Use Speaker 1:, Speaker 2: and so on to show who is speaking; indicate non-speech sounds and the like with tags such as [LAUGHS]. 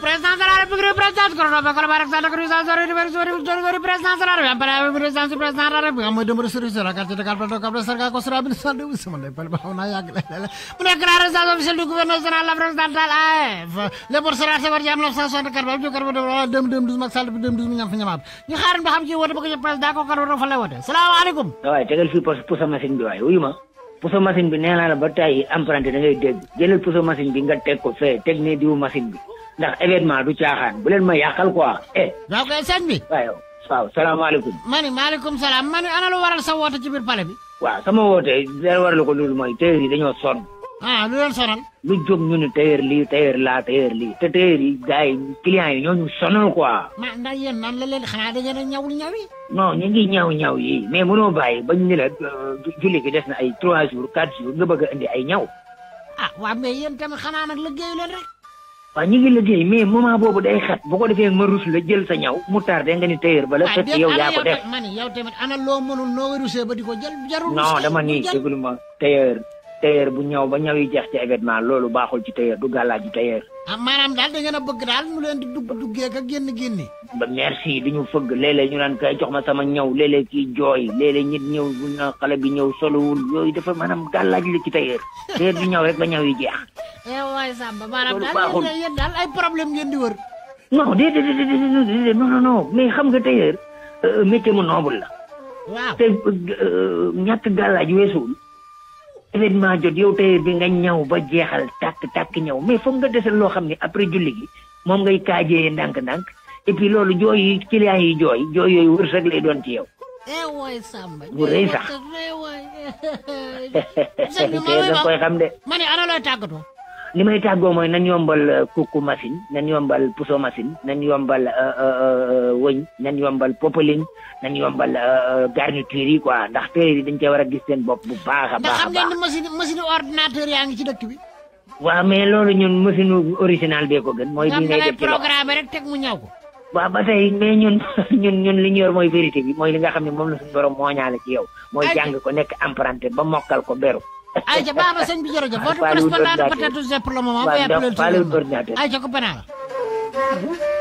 Speaker 1: prezydencja Rady Gry, prezydent Korona, Korona, Ksana, Kryza, Zory, Ryber, Zory, Zory, Zory, prezydent Rady, Pala, prezydent, prezydent Rady, Gamu, Dumur, Suri, Sura, Karty, Kar, Plato, Kapra, Sarka, Kosra, Bin, Sandu, Sumande, Palba, Ona, Jak, Lele, Mune, Krar, Zaz, Official, Duku, Veno, Sura, La, President, Dal, Af, Lebor, Sura, Sebar, Jam, Lof, Sasa, Kar, Balbu, Kar, Balbu, Dum, Dum, Dum, Maksal, Dum, Dum, Nyam, Nyam, Ñu xaar ba xam ci wote ba ko ci président ko kar wote fa lay wote salaamaaleykum waaye tegal fii parce que pousse machine bi waaye wuyu ma pousse machine bi nee naa la ba tey emprunté da ngay dégg jëlal pousse machine bi nga teg ko fee teg ne diwu machine bi ndax événement du caaxaan bu leen ma yàqal quoi eh. waaw kay sëñ bi. waaw waaw salaamaaleykum. ma ni salaam ma ni ana lu waral sa woote ci bir pale bi. waaw sama woote dara waral ko loolu mooy tailleur yi dañoo sonn. ah lu leen sonal. lu jóg ñu ne li lii laa tailleur lii te tailleur yi gars yi clients yi ñoo ñu sonal quoi. ma ndax yéen nan la leen xanaa da ngeen a ñawul ñaw yi. non ñu ngi ñaw ñaw yi mais mënoo bàyyi ba ñu ne la euh, julli gi des na ay trois jours quatre jours nga bëgg a indi ay ña ah, wa ñi ngi liggéey mais moment boobu day xat bu ko defee ma rus la jël sa ñaw mu tardé nga ni tëyër ba la fekk yow yaa ko def man yow tamit ana loo mënul noo nga ba di ko jël jarul non dama ni déglu ma tëyër bu ñaw ba ñaw yi jeex ci événement loolu baaxul ci tëyër du gàllaaju tëyër ah maanaam daal da ngeen a bëgg daal mu leen di dugg duggee génn ba merci di ñu fëgg ñu naan kay jox ma sama jooy ñëw bu xale bi ñëw yooyu dafa maanaam ci rek ba ñaw yi jeex eh waay Samba maanaam daal yéen ay problème ngeen di wër. non déedéet déedéet non non non mais xam ga tailleur euh, métier mu noble la. waaw te euh, ñàkk gàllaaj weesuwul. événement jot yow tailleur bi nga ñaw ba jeexal tàkk tàkk ñaw mais foog nga desal loo xam ne après julli gi moom ngay kaajee ndànk-ndànk et puis loolu jooy yi client yi jooy jooy yooyu wërsëg lay doon ci yow. eh waay Samba. bu rëy sax. [LAUGHS] koy xam de. ma ne ana looy li may tàggoo mooy nañ yombal euh, kukku machine nañ yombal puso machine nañ yombal euh, euh, wëñ nañ yombal popeline nañ yombal garniture yi quoi ndax téere yi dañ cee war a gis seen bopp bu baax a baax a baax. ndax xam ngeen ni machine mais loolu ñun machine original bee ko gën. mooy bi ngay def ci programme rek ko. waaw ba tey ñun [LAUGHS] ñun ñun li ñu mooy vérité bi mooy li nga xam ne moom la suñu borom moo ñaale ci yow. mooy jàng ko nekk emprunté ba mokkal ko beru. ayca baax na ja bi jërëjëf. votre correspondant peut-être pour le moment. vous appelez tout de suite ayca ko penaa la